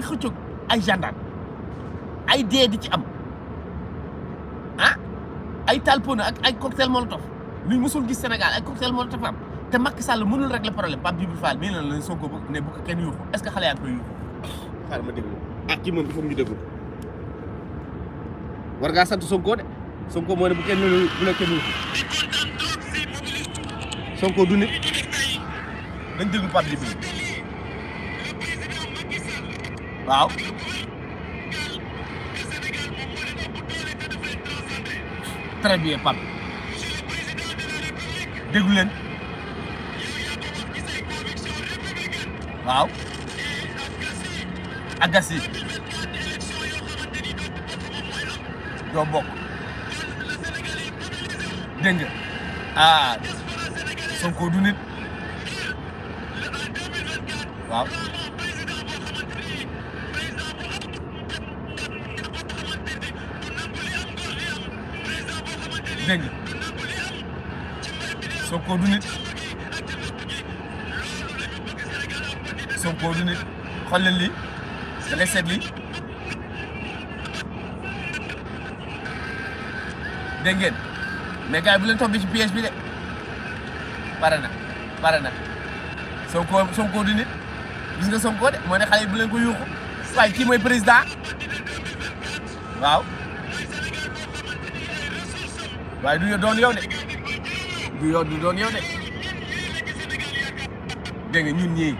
bay ay gendarme ay dee di ci am ah ay talpona ak ay cocktail molotov luñ mosul gis Sénégal ay cocktail molotov am te Macky Sall mënul régler problème Pape Djibril Fall mii la lañ Sonko bëgg ne bu kenn yuuxu est-ce que xale yaa ngi koy yuuxu xaaral ma déglu ah kii moom dafa ñu déglu war ngaa sant Sonko de Sonko moo ne bu kenn yuuxu Sonko du nit dañ déglu Pape Djibril waaw. très bien Pape déglu leen waaw Agassi bokk dégg nga ah Sonko du waaw. dégg Sonko du nit Sonko du nit xool leen lii da ngay seet lii dégg ngeen mais gars yi bu leen tombé ci piège bi de pare na bare na Sonko Sonko du nit gis nga Sonko de moo ne xale yi bu yuuxu waaye kii président waaw. waaye du doon yow de du yow du doon yow de dégg ñun ñii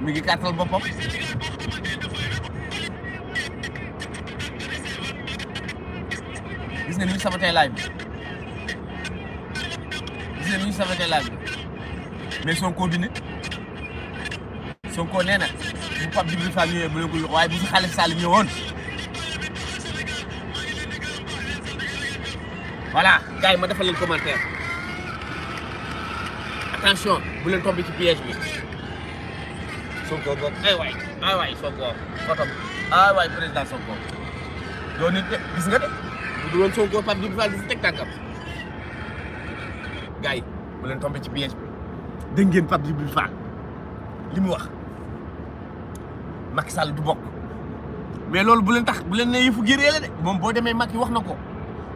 mi ngi kàttal boppam. gis nga ni ñu sabatee laaj bi gis nga ni ñu sabatee laaj bi mais Sonko du bu Pape Djibril Fall ñëwee bu waaye bu fi Khalifa Sall ñëwoon. voilà gars ma defal leen commentaire attention bu leen tombé ci piège bi Sonko boog ay eh waay ay eh waay Sonko photo ay eh waay président Sonko doo nit de gis nga de bu dul woon Sonko Pape Djibril Fall teg tànkam gars yi bu ci piège bi dégg ngeen Pape Djibril Fall li mu wax Macky Sall du bokk mais loolu bu leen tax bu leen ne yëfu gérée la de moom boo demee Macky wax na ko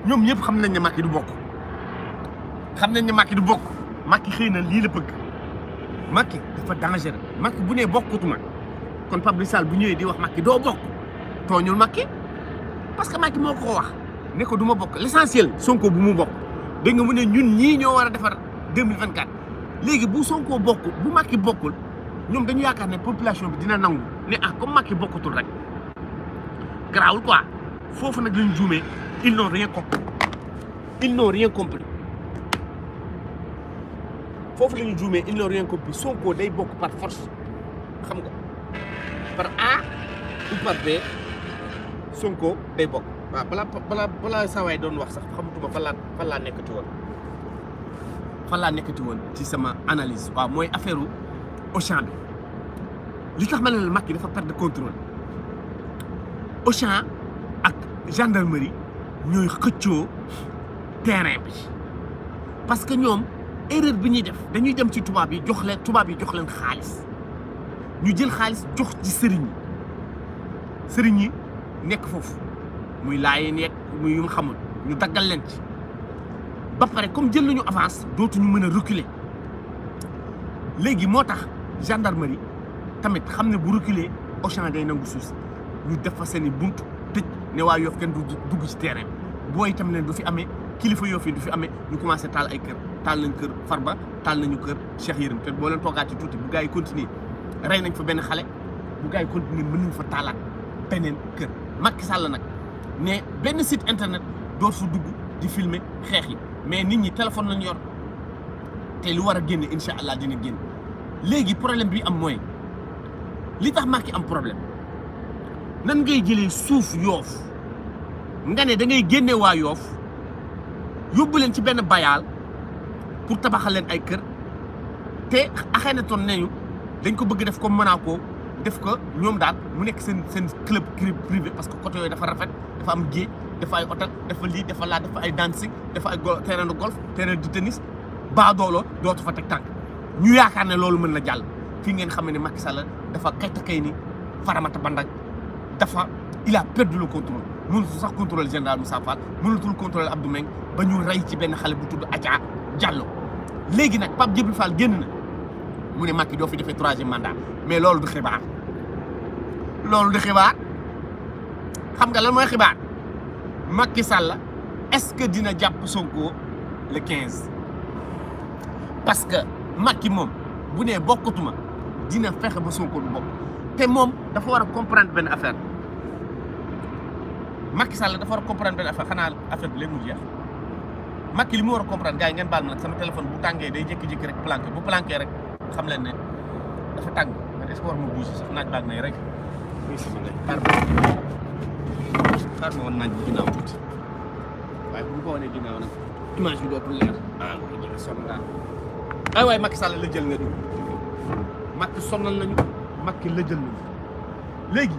ñoom ñëpp xam nañ ne Macky du bokk xam nañ ne Macky du bokk Macky xëy na lii la bëgg Macky dafa dangereux Macky bu nee bokkutuma kon Pape Sall bu ñëwee di wax Macky doo bokk tooñul Macky parce que Macky moo ko wax ne ko du bokk l' Sonko bu mu bokk dégg nga mu ne ñun ñii ñoo war a defar 2024 léegi bu Sonko bokk bu Macky bokkul ñoom dañu yaakaar ne population bi dina nangu ne ah comme Macky bokkutul rek garaawul quoi foofu nag lañ juumee. Ils n'ont rien compris. Ils n'ont rien compris. Il faut que mais ils n'ont rien compris Sonko est bokk par force par A ou par B Sonko day bokk. waaw voilà, balaa balaa je wax sax xamatuma fan laa fan Voilà, je analyse. affaire Au champ. li tax ne faut pas. le perdre contrôle ak gendarmerie. ñooy xëccoo terrain bi parce que ñoom erreur bi ñuy def dañuy dem ci tubaab yi jox leen tubaab yi jox leen xaalis ñu jël xaalis jox ci sëriñ yi sëriñ yi nekk foofu muy laayeen yeeg muy yu xamul ñu daggal leen ci ba pare comme jël nañu avance dootuñu mën a reculer léegi moo tax gendarmerie tamit xam ne bu reculer Auchan day nangu suuf ñu def fa seeni bunt ne waa Yoff kenn du dugg ci terrain bi booy itam leen du fi amee kilifa Yoff yi du fi amee ñu commencé taal ay kër taal nañ kër Farba taal nañu kër Cheikh Yérim te boo leen toogaat ci tuuti bu gars yi continuer rey nañ fa benn xale bu gars yi continuer mën nañ fa taalaat beneen kër Macky Sall nag ne benn site internet door su dugg di filmer xeex yi mais nit ñi téléphone lañ yor te lu war a génn incha allah dina génn léegi problème bi am mooy li tax Macky am problème. nan ngay jëlee suuf yoof nga ne da ngay génne waa yoof yóbbu leen ci benn bayaal pour tabaxal leen ay kër te Akhenaton nañu dañ ko bëgg def ko Monaco def ko ñoom daal mu nekk seen seen club privé parce que côté yooyu dafa rafet dafa am géej dafa ay hôtel dafa lii dafa laa dafa ay dancing dafa ay terrain de golf terrain de tennis baa dooloo dootu fa teg tànk ñu yaakaar ne loolu mën na jàll fii ngeen xam ne Macky Sall dafa kayta kay ni faramata bandak il a perdu le contrôle mënutu sax contrôle général Moussa Fall contrôle Abdou Meng ba ñu ci bu Adja Diallo Pape Djibril Fall mandat mais ce du xibaar le du xibaar xam nga est-ce que dina japp Sonko le 15 parce que Macky mom bu dina fexé ba Sonko du té dafa comprendre le affaire. Macky Sall dafa war a comprendre benn affaire xanaa affaire bi léegi mu jeex Macky li mu war a comprendre yi ngeen baal ma nag sama téléphone bu tàngee day jékki-jékki rek planqué bu planqué rek xam leen dafa tàng man est-ce ma bouger sax naaj rek. xaar ma woon naaj bi ginnaaw tuuti waaye bu ñu ko wanee ginnaaw nag image bi dootul leer ah loolu sonn waaye Macky Sall la jël nga ñu Macky sonnal nañu Macky la jël nañu léegi.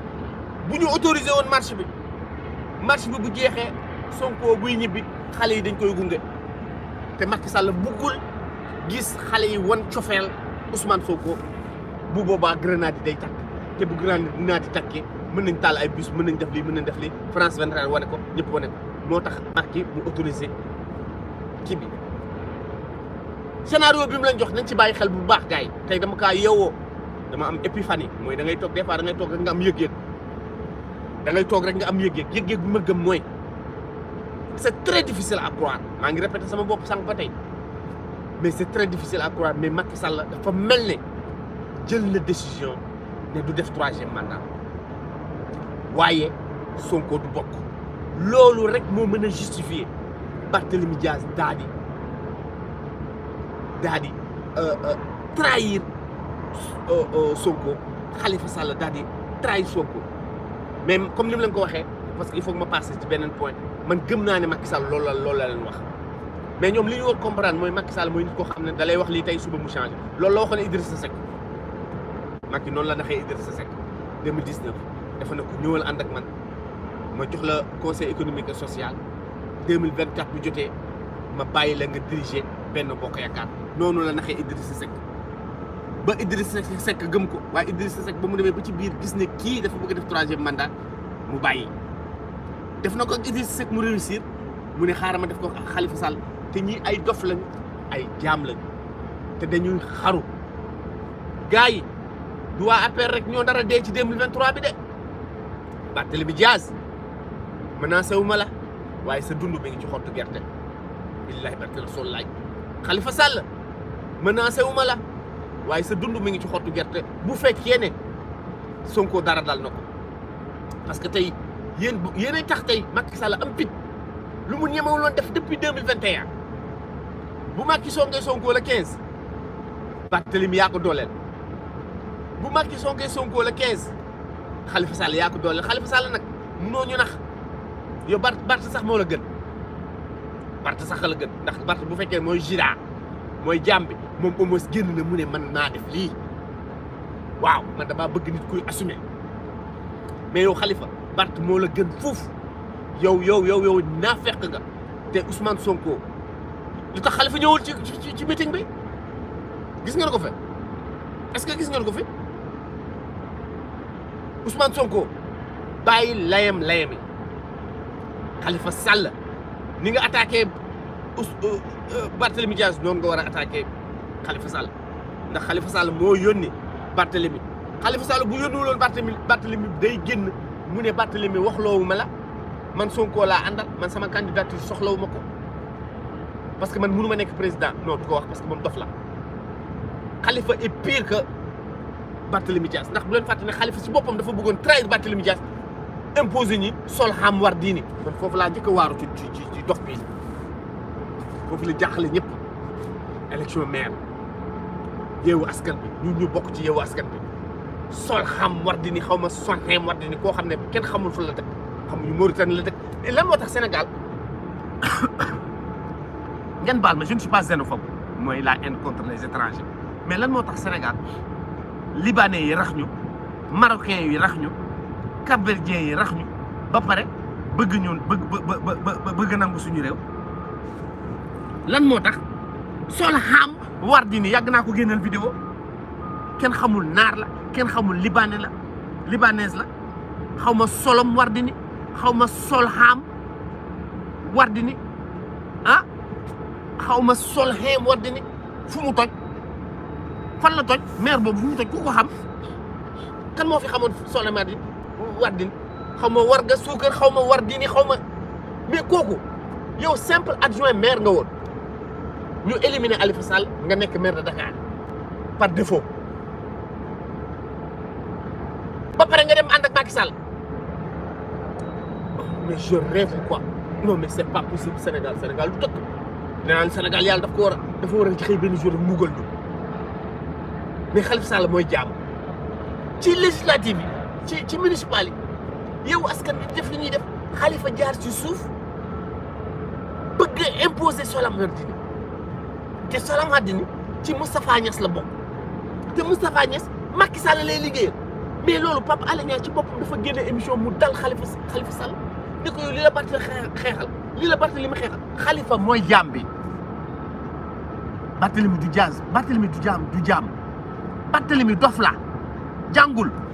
bu ñu autorisé woon marche bi march bi bu jeexee Sonko buy ñibbi xale yi dañ koy gunge te Macky Sall buggul gis xale yi wan cofeel Ousmane Sonko bu boobaa grenade yi day takk te bu grenade yi takkee mën nañ taal ay bus mën nañ def lii mën nañ def lii France 24 wane ko ñëpp wane ko moo tax Macky mu autorisé ci bi scénario bi mu lañ jox nañ ci bàyyi xel bu baax gars tey dama kaa yeewoo dama am épiphanie mooy da ngay toog des fois da ngay nga am yëg-yëg da ngay toog rek nga am yëg-yëg yëg-yëg bi ma c'est très difficile à croire maa ngi répété sama bopp sànq ba mais c'est très difficile à croire mais Macky Sall dafa mel ne jël na décision de du def troisième mandat waaye Sonko du bok. loolu rek mo mën a justifier Barthélemy Diaz dadi dadi euh, euh, trahir euh, euh, Sonko Khalifa Sall dadi trahir Sonko mais comme ni mu leen ko waxee parce que il faut que ma passé ci beneen point man gëm naa ne Macky lool loolu la loolu la leen wax mais ñoom li ñu war comprendre mooy Macky Sall mooy nit koo xam ne dalay lay wax lii tey suba mu changé loolu la waxoon ne Idrissa Seck Macky noonu la naxee Idrissa Seck 2019 dafa ne ko ñëwal ànd ak man ma jox la conseil économique et social 2024 bu jotee ma bàyyi la nga diriger benn bokk yaakaar noonu la naxee Idrissa Seck. ba Idrissa Seck gëm ko waaye Idrissa Seck ba mu demee ba ci biir gis ne kii dafa bëgg def troisième mandat mu bàyyi def na ko ak Idrissa mu réussir mu ne xaaral ma def ko ak Khalifa Sall te ñii ay dof lañ ay jaam lañ te dañuy xaru gars yi du waa APR rek ñoo dara dee ci 2023 bi de Barthélémy Dias menacé wu ma la waaye sa dund bi ngi ci xottu gerte billahi barke rasul laaj Khalifa Sall menacé wu ma la waaye sa dund mi ngi ci xottu gerte bu fekkee ne Sonko dara dal na ko parce que tey bu yéenay tax tey Macky Sall am pit lu mu ñemewuloon def depuis deux mille vingt et un bu Macky songee Sonko la quinze Barthélemy yaa ko dooleel bu Macky songee Sonko la quinze Khalifa Sall yaa ko dooleel Khalifa Sall nag munoo ñu nax yow Bart Bart sax moo la gën Bart sax la gën ndax Bart bu fekkee mooy Gira. moy jaam mom moom au moins génn na mune man na def li waaw man damaa bëgg nit koy assumer mais yow Khalifa Bart mo la gën fouf yow yow yow yow naa fekk nga te Ousmane Sonko lu tax Khalifa ñëwul ci ci ci meeting bi gis nga ko fi est-ce que gis nga ko fi Ousmane Sonko bàyyi layam layami Khalifa Sall ni nga attaqué. Euh, euh, Barthélemy Dias noonu nga war a attaqué Khalifa Sall ndax Khalifa Sall moo yónni Barthélemy Khalifa Sall bu yónni wuloon Barthélemy Barthélemy day génn mu ne Barthélemy waxloowu ma la man Sonko laa àndal man sama candidature soxlawu ma ko parce que man mënu ma nekk président non du ko wax parce que moom dof la Khalifa est pire que Barthélemy Dias ndax bu leen fàtte ne Khalifa si boppam dafa bëggoon trahir Barthélemy Dias imposé ñi sol xam war diini man foofu laa njëkk a waaru bi foofu la jaaxle ñëpp élection maire yeewu askan bi ñun ñu bokk ci yeewu askan bi sol xam war di ni xaw ma sonxeem war di ni koo xam ne kenn xamul fu la dëkk xamuñu Mauritanie la dëkk et lan moo tax Sénégal ngeen baal ma je ne suis pas xénophobe mooy la haine contre les étrangers mais lan moo tax Sénégal libanais yi rax ñu marocains yi rax ñu capverdiens yi rax ñu ba pare bëgg ñun bëgg bëgg nangu suñu réew. lan motax sol xam war dini yag na ko génneel vidéo ken xamul nar la ken xamul libanais la libanaise la xawma solom war dini xawma sol xam war dini ha xawma sol xem war dini ni fu mu toj fan la toj maire boobu fu mu toj ku ko xam kan mo fi xamone sol mar dini war dini xawma war ga suukar xawma war dini xawma mais koku yow simple adjoint maire nga woon ñu éliminer Khalifa Sall nga nekk maire de Dakar par défaut ba pare nga dem ànd ak Macky Sall mais je rêve quoi non mais c'est pas possible Sénégal Sénégal lu dëkk nee Sénégal yàlla daf ko war a dafa war a xëy benn jour mu mugal mais Khalifa Sall mooy jaam ci législative yi ci ci municipal yi yow askan def li def Khalifa jaar ci suuf bëgg imposer solem dini te Soham ci Moustapha Niass la bokk te Moustapha Niass Macky Sall lay liggéeyal mais loolu Pape Alé Niang ci boppam dafa génne émission mu dal Khalifa Khalifa Sall ko yow li la parti xeexal li la parti xeexal Khalifa mooy jaam bi Barthélemy du jaaz Barthélemy du jaam du jaam Barthélemy dof la jàngul